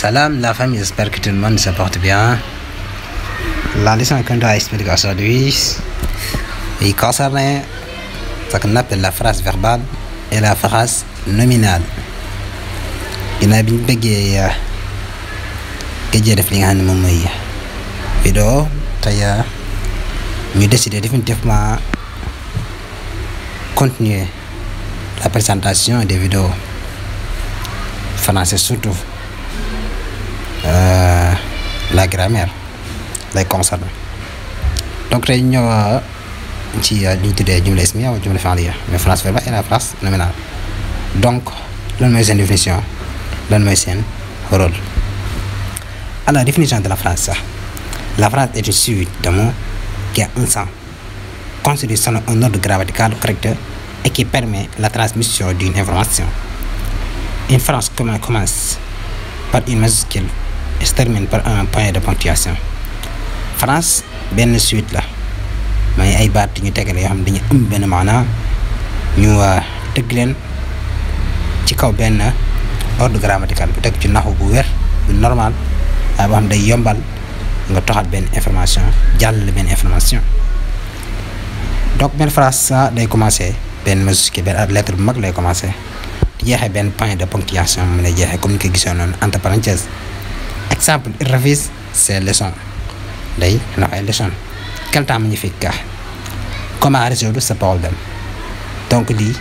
Salam la famille, j'espère que tout le monde se porte bien. La leçon qu'on doit expliquer aujourd'hui, il concerne ce qu'on appelle la phrase verbale et la phrase nominale. ginnaaw bi ñu bëggee euh, gëjee def li nga xam ne moom mooy vidéo tey euh, ñu décider définitivement continuer la présentation des vidéos françaises surtout Euh, la grammaire lay concerné donc tey ñëw euh, ci euh, li ñu tuddee mais phrase verbale la phrase nominale donc lan mooy seen définition lan mooy seen rôle à la définition de la phrase sax la phrase est une suite de mots qui a un sens constitué un ordre grammatical correct et qui permet la transmission d'une information une phrase commence par une majuscule et par un point de ponctuation France benn suite la mooy ay baat yu ñu tegale yoo xam ne dañu am benn maanaa ñu euh, tëgg leen ci kaw benn ordre grammatical bu teg ci naxu bu wér bu normal waaye xam day yombal nga toxal benn information jàllale benn information donc benn phrase sa day commencé benn majuscule benn ak lettre bu mag lay commencé di jeexee benn point de ponctuation mu lay jeexee comme ni ko gisoon noonu entre exemple il revise ses leçons day jox ay leçon kaltaam ñu fi kaax comment résoudre ce problème donc lii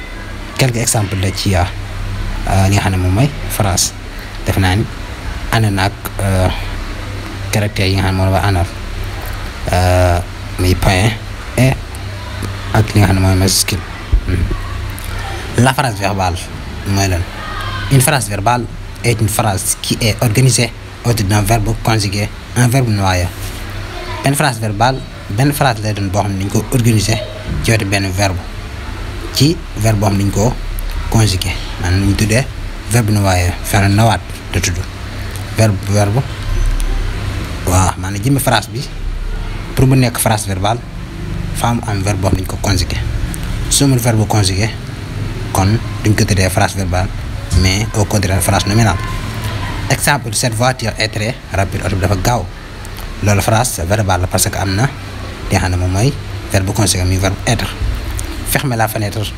quelques exemple la ci euh, li nga xam moom mooy phrase def naa ni ànd naag euh, caractère yi nga xam moom la àndal euh, muy point et ak li nga xam ne mooy majuscule hmm. la phrase verbale mooy lan une phrase verbale est une phrase qui est organisée autre d'un verbe conjugué un verbe noyau benn phrase verbale benn phrase lay doon boo xam ne ko organiser ci wetu benn verbe ci verbe boo xam ne dañ koo conjugué maanaam ñu tuddee verbe noyau fenn nawaat da tudd verbe verbe waaw maanaam jëmmi phrase bi pour mu nekk phrase verbale faa mu am verbe boo xam ne ko conjugué su amul verbe conjugué kon duñ ko tuddee phrase verbale mais au contraire phrase nominale exemple cette voiture est très rapide oto bi dafa gaaw loolu phrase verbale la parce que am na li nga xam ne moom mooy verbe conjugué muy verbe être fermer la fenêtre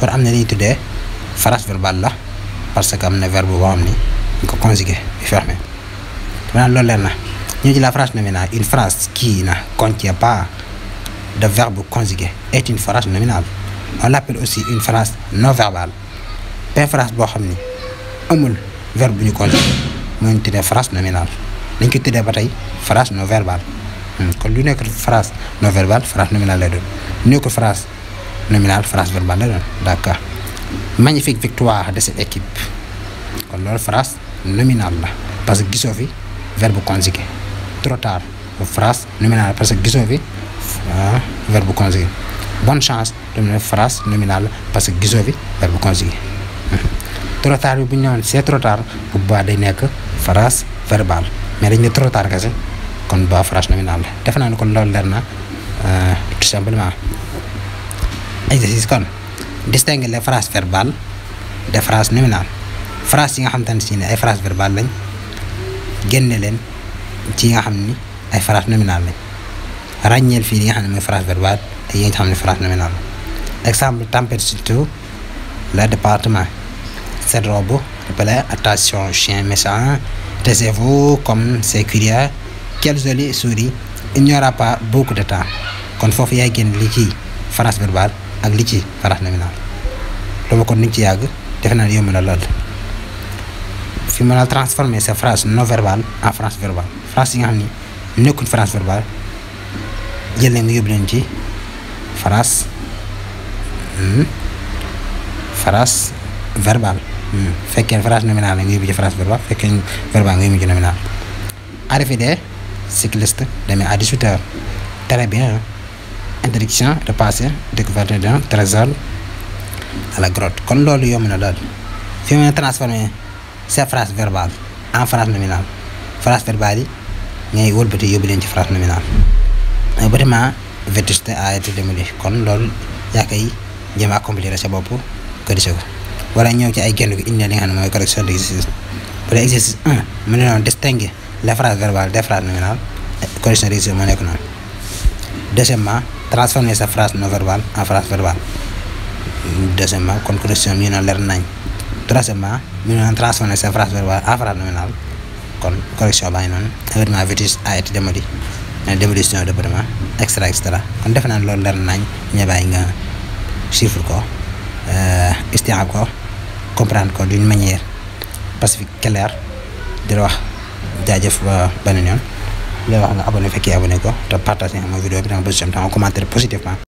kon am na li ñuy tuddee phrase verbale la parce que am na verbe boo xam ni ñu ko conjugué bi lool maanaam leer na ñu ci la phrase nominale une phrase qui na contient pas de verbe conjugué est une phrase nominale on l'appelle aussi une phrase non verbale benn phrase boo xam ni amul verbe bu ñu conjugué moo ñu tuddee phrase nominale dañ ko tuddee ba tey phrase non verbale hmm, kon lu nekk phrase no verbale phrase nominale lay doon lu nekkul phrase nominale phrase verbale lay doon d'accord magnifique de cette équipe kon loolu la parce que gisoo fi verbe conjugué trop tard phrase nominale parce que gisoo fi ah, verbe conjugué bonne chance dama ne phrase nominale la parce que gisoo fi verbe conjugué hmm. trop bi bu ñu ñëwoon c'est trop bu baax day nekk. bafaraas verbal mais dañ ne trop tard kese kon nominal la defe kon loolu leer na euh, tout simplement exercice kon distinguer les phrases verbales des phrases nominales phrases yi nga xamante ne si ne ay phrases verbales lañ génne leen ci nga xam ni ay phrases nominales lañ ràññeel fii li nga xam ne mooy phrase verbale ak yi nga xam ne phrase la exemple tempête chien méchant te vous comme ces curia quelle jolie souris il n'y aura pas beaucoup de temps kon foofu yaay génn li ci phrase verbale ak li ci phrase nominale loolu kon ni ci yàgg defe naa yomb na lool fi mën a transformer sa phrase non verbale en france verbale phrase yi nga xam ni nekkuñ france verbale jël leen nga leen ci phrase hmm, phrase verbale fekkee phrase nominale la ngay mujj phrase verbale fekkee verbal ngay mujj nominal arrivé cycliste demain à 18h très bien interdiction de passer découverte d'un trésor à la grotte kon loolu yomb na lool fi mu transformé sa phrase verbale en phrase nominale phrase verbale yi ngay wëlbati yóbbu leen ci phrase nominale un bâtiment vétuste a été démoli kon loolu yaa koy jéem sa bopp ko di ko wala ñëw ci ay kenn ku indi li nga xam ne mooy correction d'exercice bu dee exercice 1 mu ne noonu distinguer les phrases verbales des phrases nominales correction d'exercice moo nekk noonu deuxièmement transformer sa phrase non verbale en phrase verbale deuxièmement kon correction mi noonu leer nañ troisièmement mi noonu transformer sa phrase verbale en phrase nominale kon correction baa ngi noonu événement vétus a été de bâtiment extra extra kon defe naan loolu leer nañ ñu bàyyi nga chiffre ko euh, istiaab ko comprendre ko d'une manière pacifique claire di la wax jaajëf ba beneen yoon di wax nga abonné fekkee abonné ko te partagé ma vidéo bi danga bés tam commentaire positivement